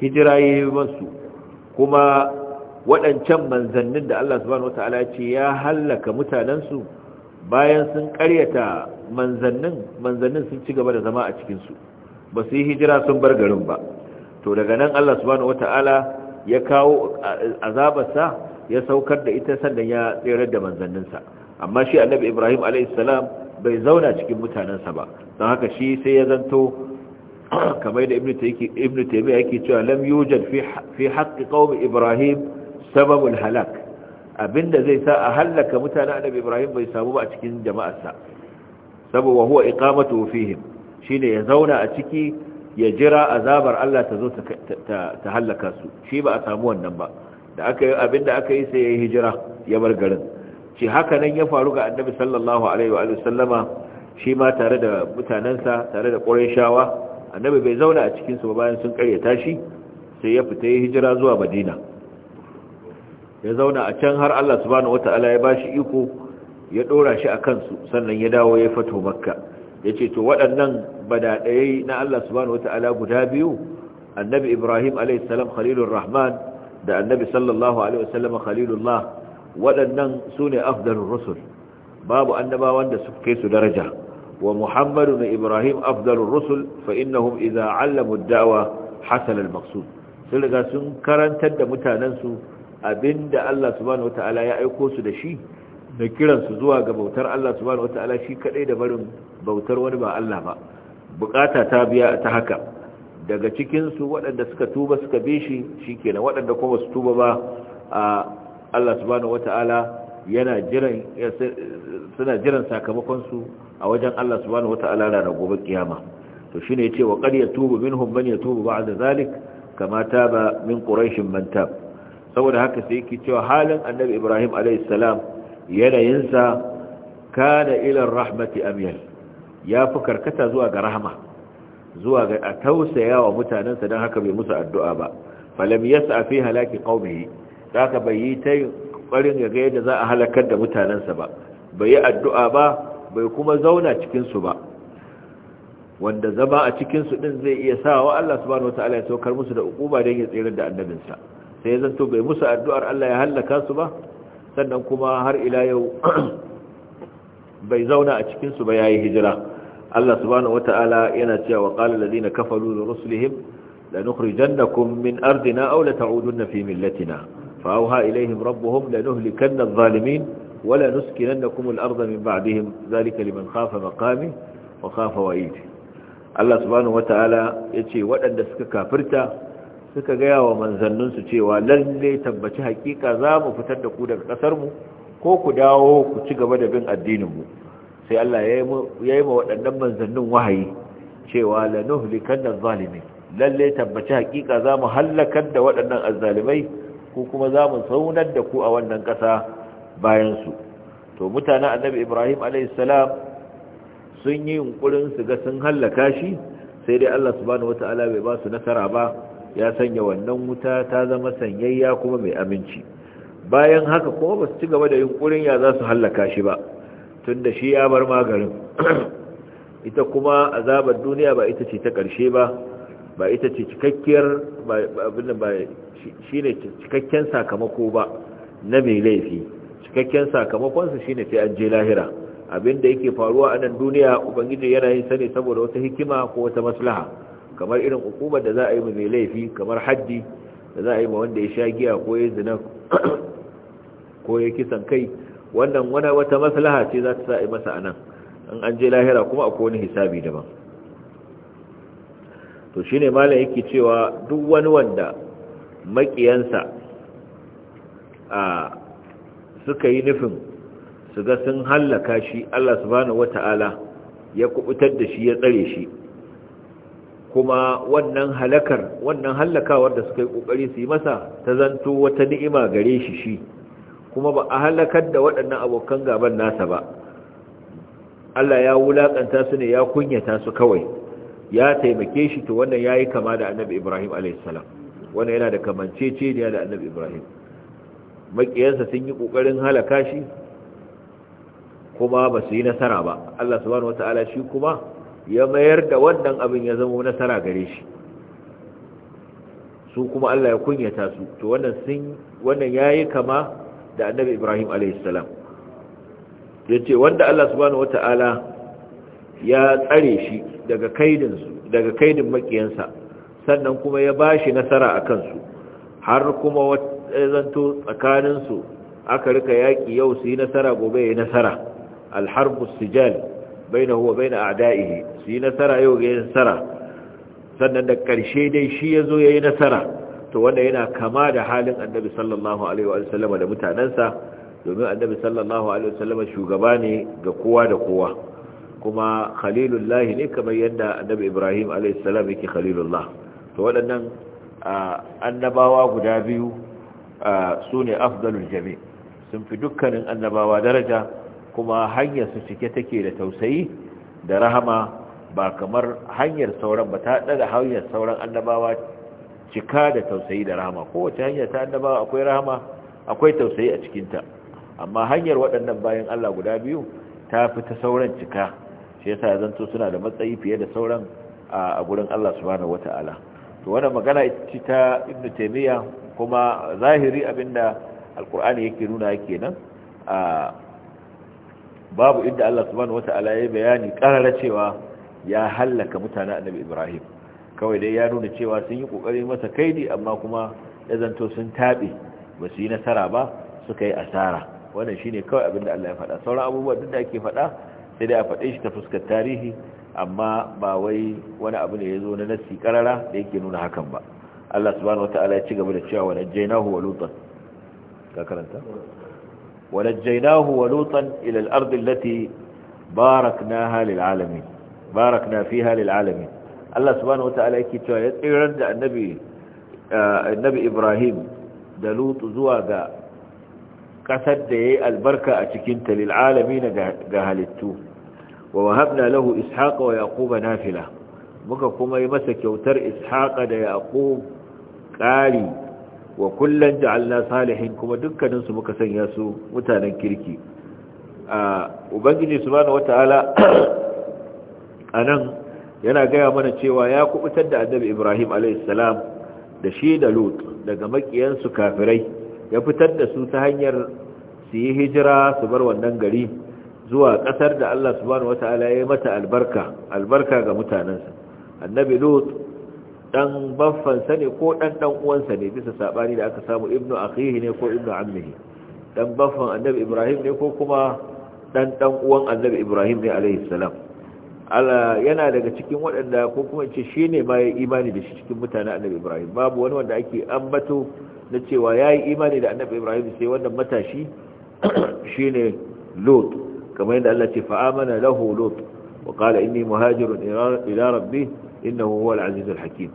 hijira yayi ya yi su kuma waɗancan manzannin da Allah subhanahu wataala ya ce ya hallaka mutanensu bayan sun karyata manzannin manzannin sun ci gaba da zama a cikinsu. su ba su yi hijira sun bar garin ba to daga nan Allah subhanahu wataala ya kawo azabarsa ya saukar da ita sannan ya tsere da manzanninsa amma shi annabi Ibrahim alaihi salam bai zauna cikin mutanensa ba don haka shi sai ya zanto kamar da ibn taymiya yake cewa lam yujad fi haqqi qaumi ibrahim sababul halak abinda zai sa a halaka mutanen annabi ibrahim bai samu ba a cikin jama'arsa saboda huwa iqamatu fihim shine ya zauna a ciki ya jira azabar Allah ta zo ta halaka su shi ba a samu wannan ba da aka yi abinda aka yi sai ya hijira ya bar garin ce haka nan ya faru ga annabi sallallahu alaihi wa sallama shi ma tare da mutanensa tare da ƙurayshawa annabi bai zauna a cikin su ba bayan sun karyata shi sai ya fita ya hijira zuwa madina ya zauna a can har Allah subhanahu wata'ala ya shi iko ya ɗora shi a kansu sannan ya dawo ya fato makka yace to waɗannan ɗaya na Allah subhanahu wata'ala guda biyu annabi Ibrahim alayhi salam rahman da annabi sallallahu alaihi khalilullah waɗannan su ne afdalin rusul babu annabawan da su kai su daraja wa muhammadu na ibrahim afdalin rusul fa innahum allah allamu da'wa hasal al-maqsud sun riga sun karantar da mutanensu abinda Allah subhanahu ya aiko su da shi da kiransu zuwa ga bautar Allah subhanahu wata'ala shi kadai da barin bautar wani ba Allah ba bukata ta biya ta haka daga cikinsu waɗanda suka tuba suka bi shi shi kenan waɗanda kuma su tuba ba a Allah subhanahu wata'ala yana jiran suna jiran sakamakonsu a wajen Allah subhanahu wata'ala ranar gobe kiyama to shine yace wa qad yatubu minhum man yatubu ba'da zalik kama taba min quraish man tab saboda haka sai yake cewa halin annabi Ibrahim alayhi salam yanayin sa kana ila rahmati amyal yafi karkata zuwa ga rahma zuwa ga a tausayawa mutanansa dan haka bai musu addu'a ba falam yas'a fi halaki qaumihi da ka bai yi ta ƙwarin yaga yadda za a halakar da mutanensa ba bai yi addu'a ba bai kuma zauna cikinsu ba wanda zama a cikinsu ɗin zai iya sawa Allah subhanahu ta'ala ya saukar musu da ba don ya tsirar da annabinsa sai ya zanto bai musu addu'ar Allah ya hallaka su ba sannan kuma har ila yau bai zauna a cikinsu ba yayi hijira Allah subhanahu ta'ala yana cewa qala alladhina kafaru li rusulihim lanukhrijannakum min ardina aw la ta'udunna fi millatina فأوها إليهم ربهم لنهلكن الظالمين ولا نسكننكم الأرض من بعدهم ذلك لمن خاف مقامي وخاف وعيدي Allah subhanahu wata'ala ya ce waɗanda suka kafirta suka gaya wa manzanninsu cewa lalle tabbaci hakika za mu fitar da ku daga ƙasarmu ko ku dawo ku ci gaba da bin addininmu sai Allah ya yi ma waɗannan manzannin wahayi cewa lanuhlikan da zalimin lalle tabbaci hakika za mu hallakar da waɗannan azzalimai ko kuma za mu saunar da ku a wannan ƙasa bayansu to mutanen annabi ibrahim alaihissalam sun yi yunkurin su ga sun hallaka shi sai dai allah subhanahu ala bai ba su nasara ba ya sanya wannan wuta ta zama sanyayya kuma mai aminci bayan haka kuma ba su ci gaba da yunkurin ya za su hallaka shi ba tun da shi ya bar magarin ita kuma azabar duniya ba ita ce ta ƙarshe ba ba ita ce cikakkiyar ba shi ne cikakken sakamako ba na mai laifi cikakken sakamakonsa shi ne sai an je lahira abinda yake faruwa a nan duniya ubangiji yana yin sani saboda wata hikima ko wata maslaha kamar irin hukumar da za a yi mai laifi kamar haddi da za a yi ma wanda ya sha giya ko ya zina ko ya kisan kai wannan wata maslaha ce za ta sa a yi masa a nan an je lahira kuma akwai wani hisabi daban to ne malam yake cewa duk wani wanda makiyansa a suka yi nufin su ga sun hallaka shi Allah subhanahu wata'ala ya kubutar da shi ya tsare shi kuma wannan halakar wannan hallakawar da suka yi kokari su yi masa ta zanto wata ni'ima gare shi shi kuma ba a halakar da waɗannan abokan gaban nasa ba Allah ya wulaƙanta su ne ya kunyata su kawai ya taimake shi to wannan yayi kama da annabi ibrahim alaihissalam wannan yana da kamanceceniya da annabi ibrahim makiyansa sun yi kokarin halaka shi kuma ba su yi nasara ba Allah subhanahu wata'ala shi kuma ya mayar da wannan abin ya zama nasara gare shi su kuma Allah ya kunyata su to wannan sun wannan yayi kama da annabi Ibrahim alaihissalam yace wanda Allah subhanahu wata'ala ya tsare shi daga kaidin makiyansa sannan kuma ya bashi nasara a kansu har kuma zanto tsakaninsu aka rika yaƙi yau su yi nasara gobe ya yi nasara alharbu sijal baina huwa baina a'da'ihi su yi nasara yau ya yi nasara sannan da ƙarshe dai shi ya zo ya yi nasara to wanda yana kama da halin annabi sallallahu alaihi wa sallama da mutanensa domin annabi sallallahu alaihi wa sallama shugaba ne ga kowa da kowa kuma khalilullahi ne kamar yadda annabi ibrahim alaihissalam yake khalilullah to waɗannan annabawa guda biyu su ne afdalul jami sun fi dukkanin annabawa daraja kuma hanyar su cike take da tausayi da rahama ba kamar hanyar sauran ba ta daga hanyar sauran annabawa cika da tausayi da rahama kowace hanyar ta annabawa akwai rahama akwai tausayi a cikinta amma hanyar waɗannan bayan Allah guda biyu ta fi ta sauran cika shi yasa zanto suna da matsayi fiye da sauran a gurin Allah subhanahu wata'ala to wannan magana ce ta Ibn Taymiyyah kuma zahiri abinda alqur'ani yake nuna kenan a babu inda Allah subhanahu wata'ala ya bayani karara cewa ya hallaka mutanen Annabi Ibrahim kawai dai ya nuna cewa sun yi kokari masa kaidi amma kuma ya zanto sun tabe ba su yi nasara ba suka yi asara wannan shine kawai abinda Allah ya faɗa sauran abubuwa duk da ake faɗa sai dai a faɗe shi ta fuskar tarihi amma ba wai wani abu ne ya zo na nassi karara da yake nuna hakan ba Allah subhanahu wata'ala ya ci gaba da cewa wanajjainahu wa lutan ka karanta wanajjainahu wa lutan ila al-ard allati baraknaha lil alamin barakna fiha lil alamin Allah subhanahu wata'ala yake cewa ya tsirar da annabi eh, annabi Ibrahim da Lutu zuwa ga kasar da yayi albarka a cikin ta lil alamin ga halittu wa wahabna lahu ishaqa wa yaquba nafila muka kuma yi masa kyautar ishaqa da yaqub qari wa kullan ja'alna salihin kuma dukkanin su muka sanya su mutanen kirki a ubangiji subhanahu wataala anan yana gaya mana cewa ya kubutar da annabi Ibrahim alayhi salam da shi da Lut daga makiyansu kafirai ya fitar da su ta hanyar su yi hijira su bar wannan gari zuwa ƙasar da Allah subhanahu wataala ya yi mata albarka albarka ga mutanansa annabi lut dan baffan sa ne ko dan dan uwansa ne bisa sabani da aka samu ibnu akhihi ne ko ibnu ammihi dan baffan annabi ibrahim ne ko kuma dan dan uwan annabi ibrahim ne alaihi salam ala yana daga cikin waɗanda ko kuma ce shine ma ya imani da shi cikin mutanen annabi ibrahim babu wani wanda ake ambato na cewa yayi imani da annabi ibrahim sai wannan matashi shine lot kamar yadda Allah ce fa'amana lahu lut wa qala inni muhajirun ila rabbi innahu huwal azizul hakim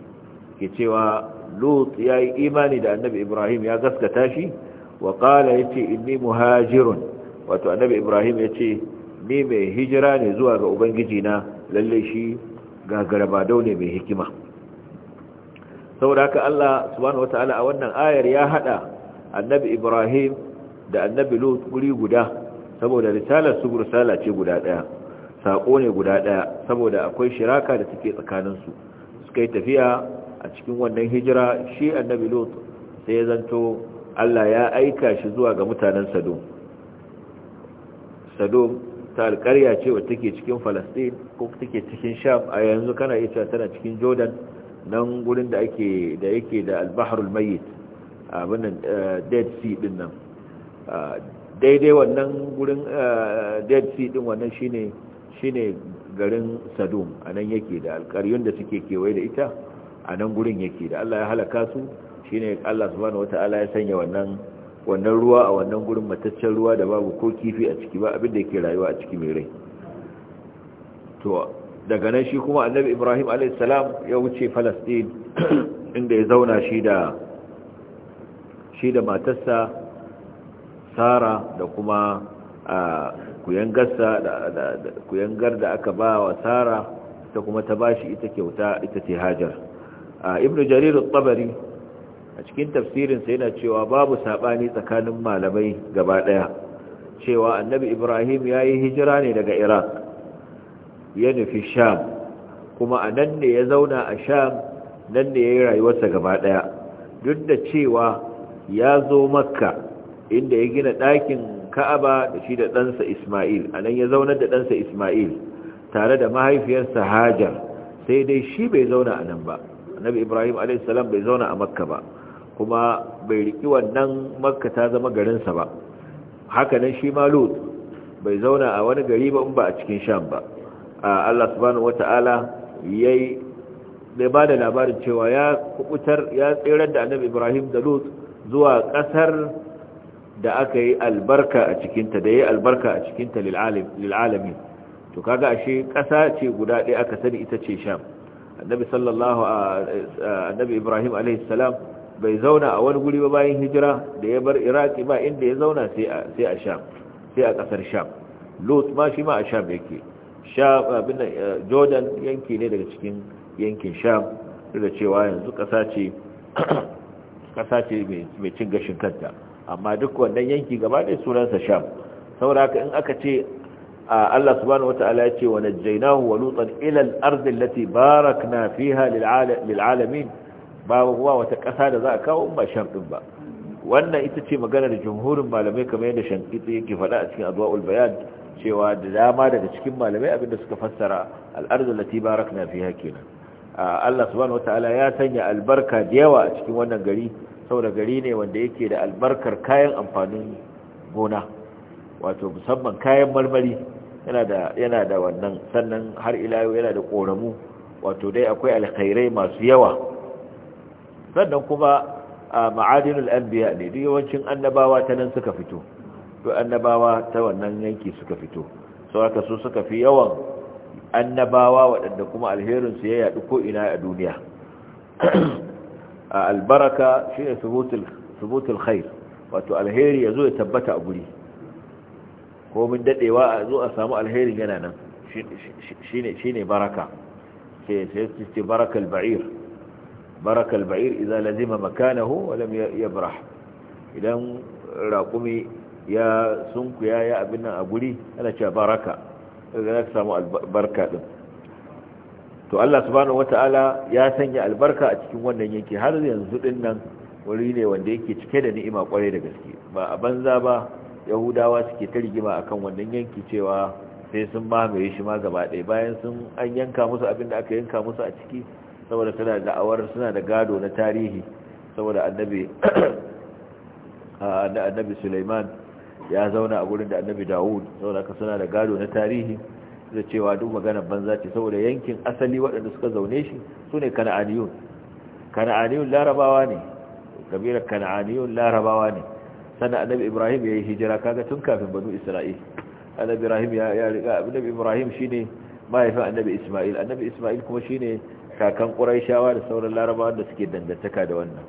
ke cewa lut yayi imani da annabi ibrahim ya gaskata shi wa qala yace inni muhajirun wato annabi ibrahim yace ni mai hijira ne zuwa ga ubangiji na lalle shi gagaraba daune mai hikima saboda haka Allah subhanahu wataala a wannan ayar ya hada annabi ibrahim da annabi lut guri guda saboda risalar su risala ce guda daya sako ne guda daya saboda akwai shiraka da take tsakanin su suka yi tafiya a cikin wannan hijira shi annabi lut sai ya zanto Allah ya aika shi zuwa ga mutanen Sodom Sodom ta alƙarya ce wa take cikin Palestine ko take cikin Sham a yanzu kana ita tana cikin Jordan nan gurin da ake da yake da al-Bahrul Mayyit abin eh, Dead Sea din nan ah, daidai wannan gurin eh, dead sea din wannan shine shine garin sadum a nan yake da alƙaryun da suke kewaye da ita a nan gurin yake da Allah ya halaka su shine Allah subhanahu wataala ya sanya wannan wannan ruwa a wannan gurin mataccen ruwa da babu ko kifi a ciki ba abin da yake rayuwa a ciki mai rai to daga nan shi kuma annabi Ibrahim alayhi salam ya wuce Palestine inda ya zauna shi da shi da matarsa tara da kuma kuyangar da aka ba wa sara ta kuma ta bashi ita kyauta ita ce hajar ibn jarir al-tabari a cikin tafsirinsa yana cewa babu saɓani tsakanin malamai gaba daya cewa annabi ibrahim ya yi hijira ne daga iraq ya nufi sham kuma a nan ne ya zauna a sham nan ne ya yi rayuwarsa gaba ɗaya. duk da cewa ya zo makka inda ya gina ɗakin ka'aba da shi da ɗansa ismail a nan ya zaunar da ɗansa ismail tare da mahaifiyarsa hajar sai dai shi bai zauna a nan ba annabi ibrahim alaihissalam bai zauna a makka ba kuma bai riki wannan makka ta zama garinsa ba haka nan shi ma lut bai zauna a wani gari ba in ba a cikin sham ba allah subhanahu wata'ala yayi bai ba da labarin cewa ya kubutar ya tserar da annabi ibrahim da lut zuwa kasar da aka yi albarka a cikinta da ya yi albarka a cikinta lil'alami to kaga ashe ƙasa ce guda ɗaya aka sani ita ce sham annabi sallallahu annabi ibrahim a.s. bai zauna a wani guri ba bayan hijira da ya bar iraki ba inda ya zauna sai a sham sai a ƙasar sham lot ma shi ma a sham yake eh, jordan yanki ne daga cikin yankin sham da cewa yanzu ƙasa ce mai cin gashin kanta amma duk wannan yanki gaba ɗaya sunansa sham saboda haka in aka ce Allah subhanahu wata'ala ya ce wa najjaynahu wa lutan ila al-ardi allati barakna fiha lil alamin wata ƙasa da za a kawo ba sham din ba wannan ita ce maganar jumhurin malamai kamar yadda shankiti yake faɗa a cikin adwa'ul bayan cewa da dama daga cikin malamai abinda suka fassara al'arzul lati barakna fiha kenan Allah subhanahu wataala ya sanya albarka da yawa a cikin wannan gari saboda gari ne wanda yake da albarkar kayan amfanin gona wato musamman kayan marmari yana da wannan sannan har ila yana da koramu wato dai akwai alkhairai masu yawa sannan kuma a ma'adinul anbiya ne duk yawancin annabawa ta nan suka fito duk annabawa ta wannan yanki suka fito saboda su suka fi yawan annabawa waɗanda kuma alherinsu ya yaɗu ko ina a duniya albaraka shi ne subutul khair wato alheri ya zo ya tabbata a guri komin dadewa a zo a samu alherin yana nan shi ne baraka sai ce barakal ba'ir barakal ba'ir idan lazima makanahu walam ya idan raƙumi ya sunkuya ya abin nan a guri ana cewa baraka daga samu albarka din to Allah subhanahu wata'ala ya sanya albarka a cikin wannan yanki har yanzu din nan wuri ne wanda yake cike da ni'ima kwarai da gaske ba a banza ba yahudawa suke ta rigima akan wannan yanki cewa sai sun mamaye shi ma gaba ɗaya bayan sun an yanka musu abin da aka yanka musu a ciki saboda suna da awar suna da gado na tarihi saboda annabi annabi Sulaiman ya zauna a gurin da annabi Dawud saboda haka suna da gado na tarihi da cewa duk magana banza ce saboda yankin asali waɗanda suka zaune shi su ne kana'aniyun kana'aniyun larabawa ne kabilar kana'aniyun larabawa ne sannan annabi ibrahim ya yi hijira kaga tun kafin banu isra'il annabi ibrahim ya riga annabi ibrahim shine mahaifin annabi isma'il annabi isma'il kuma shine kakan shawa da sauran larabawa da suke dangantaka da wannan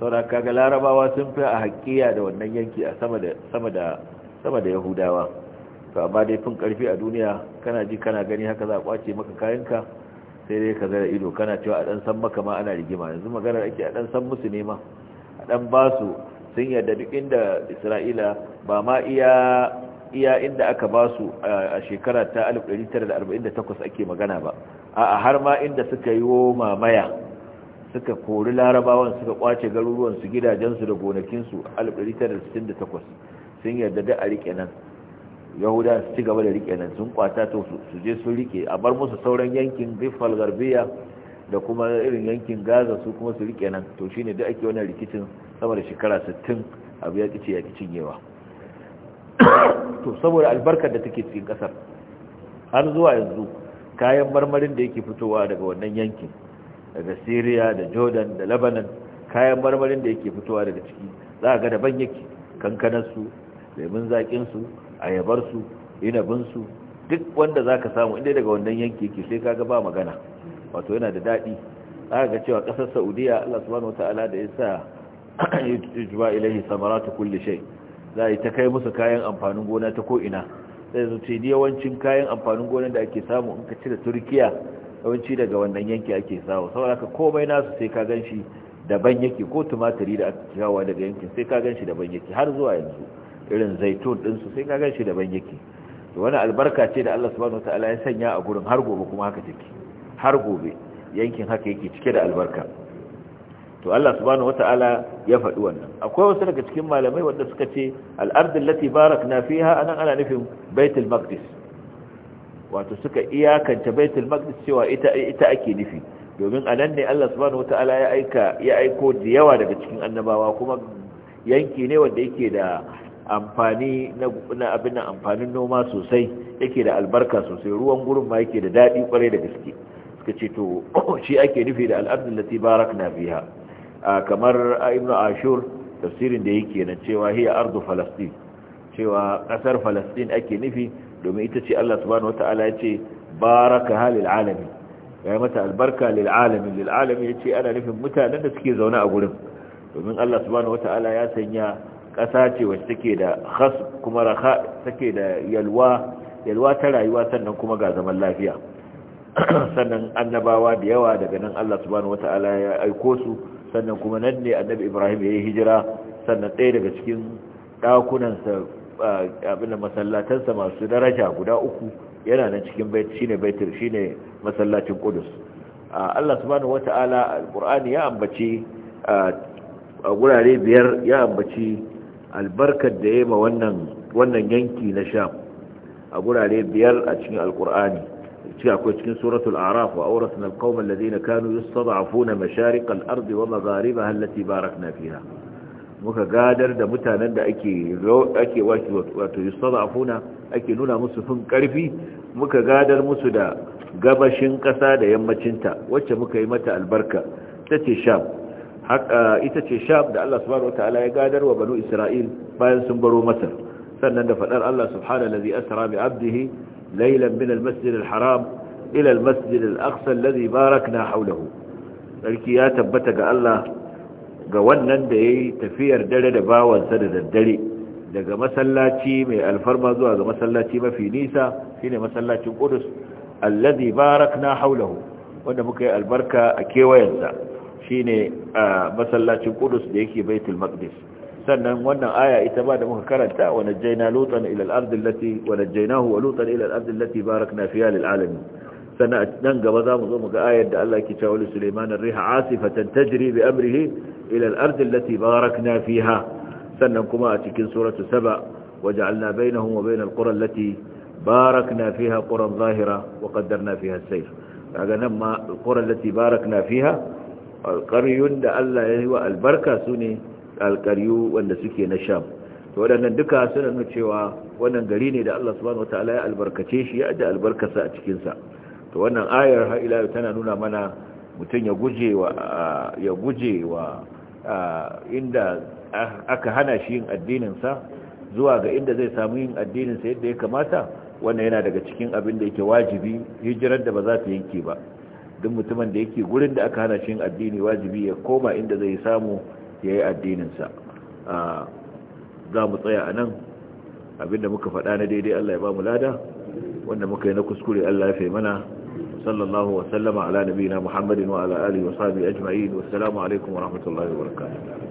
saboda kaga larabawa sun fi a haƙƙiya da wannan yanki a sama da sama da sama da yahudawa to amma dai fin karfi a duniya kana ji kana gani haka za a kwace maka kayanka sai dai ka zara ido kana cewa a dan san maka ma ana rigima yanzu magana ake a dan san musu ne ma a dan ba su sun yarda duk inda Isra'ila ba ma iya iya inda aka ba su a shekara ta 1948 ake magana ba a har ma inda suka yi mamaya suka kori larabawan suka kwace garuruwansu gidajensu da gonakinsu 1968 sun yarda da a rike nan yahuda su ci gaba da rike nan sun kwata to su je sun rike a bar musu sauran yankin rifal garbiya da kuma irin yankin gaza su kuma su rike nan to shine duk ake wannan rikicin sama da shekara 60 abu ya kice ya kicin yawa to saboda albarkar da take cikin kasar har zuwa yanzu kayan marmarin da yake fitowa daga wannan yankin daga Syria da Jordan da Lebanon kayan marmarin da yake fitowa daga ciki za a ga daban yake kankanar su lemun zakin su ayabarsu inabinsu duk wanda za ka samu inda daga wannan yanki ke sai kaga ba magana wato yana da daɗi aka ga cewa ƙasar saudiya allah subhanahu wa ta'ala da ya sa yujba ilahi samaratu kulli shay za a yi ta kai musu kayan amfanin gona ta ko'ina sai su ce yawancin kayan amfanin gona da ake samu in ka cire turkiya yawanci daga wannan yanki ake samu saboda ka komai nasu sai ka ganshi daban yake ko tumatiri da aka kawo daga yankin sai ka ganshi daban yake har zuwa yanzu irin zaitun ɗinsu sai ka gan shi daban yake to wani albarka ce da Allah subhanahu wataala ya sanya a gurin har gobe kuma haka take har gobe yankin haka yake cike da albarka to Allah subhanahu wataala ya faɗi wannan akwai wasu daga cikin malamai wanda suka ce al-ardul lati barakna fiha anan ana nufin baitul maqdis wato suka iyakanta baitul maqdis cewa ita ita ake nufi domin anan ne Allah subhanahu wataala ya aika ya aiko da yawa daga cikin annabawa kuma yanki ne wanda yake da amfani na abin da amfanin noma sosai yake da albarka sosai ruwan gurin ma yake da daɗi kwarai da gaske suka ce to shi ake nufi da al'adun lati barak na biya kamar ibn ashur tafsirin da yake na cewa hiya ardu falastin cewa ƙasar falastin ake nufi domin ita ce allah subhanahu wata'ala ya ce baraka halil alami ya mata albarka lil alamin lil ya ce ana nufin mutanen da suke zaune a gurin domin allah subhanahu wata'ala ya sanya ƙasa ce wacce take da khas kuma raha take da yalwa yalwa ta rayuwa sannan kuma ga zaman lafiya sannan annabawa da yawa daga nan Allah subhanahu wataala ya aiko su sannan kuma nan ne annabi Ibrahim ya yi hijira sannan ɗaya daga cikin ɗakunansa abin da masallatansa masu daraja guda uku yana nan cikin bait shine baitul shine masallacin Qudus Allah subhanahu wataala alqur'ani ya ambaci a gurare biyar ya ambaci albarkar da ya ma wannan yanki na sham a gurare biyar a cikin alkur'ani cikin akwai cikin suratul araf wa auratun na ladina kanu yustad'afuna masharik al-ardi wa magharibaha allati barakna fiha muka gadar da mutanen da ake ake wato yustad'afuna ake nuna musu fin karfi muka gadar musu da gabashin kasa da yammacinta wacce muka yi mata albarka ce sham ita ce sham da Allah subhanahu wataala ya gadar wa banu isra'il bayan sun baro masar sannan da fadar Allah subhanahu allazi asra bi abdihi laylan min almasjid alharam ila almasjid alaqsa allazi barakna hawlahu sarki ya tabbata ga Allah ga wannan da yayi tafiyar dare da bawansa da daddare daga masallaci mai alfarma zuwa ga masallaci mafi nisa shine masallacin Qudus allazi barakna hawlahu wanda muka yi albarka a kewayensa shine masallacin Qudus da yake Baitul Maqdis sannan wannan aya ita ba da muka karanta wa najjayna lutan ila al-ardi allati wa najjaynahu wa lutan ila al-ardi allati barakna fiha lil alamin sannan nan gaba zamu zo mu ga ayar da Allah yake cewa li Sulaiman ar-riha asifatan tajri bi amrihi ila al-ardi allati barakna fiha sannan kuma a cikin suratu saba waja'alna bainahum wa bainal qura allati barakna fiha quran zahira wa qaddarna fiha as-sayr kaga nan ma al-qura allati barakna fiha alƙaryun da Allah ya yi wa albarka su ne alƙaryu wanda suke na sham to waɗannan duka suna nuna cewa wannan gari ne da Allah subhanahu wataala ya albarkace shi ya da albarkarsa a cikinsa to wannan ayar har ila tana nuna mana mutum ya guje wa ya guje wa inda aka hana shi yin addininsa zuwa ga inda zai samu yin addininsa yadda ya kamata wannan yana daga cikin abin da yake wajibi hijirar da ba za ta yanke ba duk mutumin da yake gurin da aka hana shi addini wajibi ya koma inda zai samu ya yi addininsa za mu tsaya a nan abinda muka faɗa na daidai Allah ya ba mu lada wanda muka yi na kuskure Allah ya fai mana sallallahu wa sallama ala nabiyina Muhammadin wa ala alihi wa sahbihi ajma'in wassalamu alaikum wa rahmatullahi wa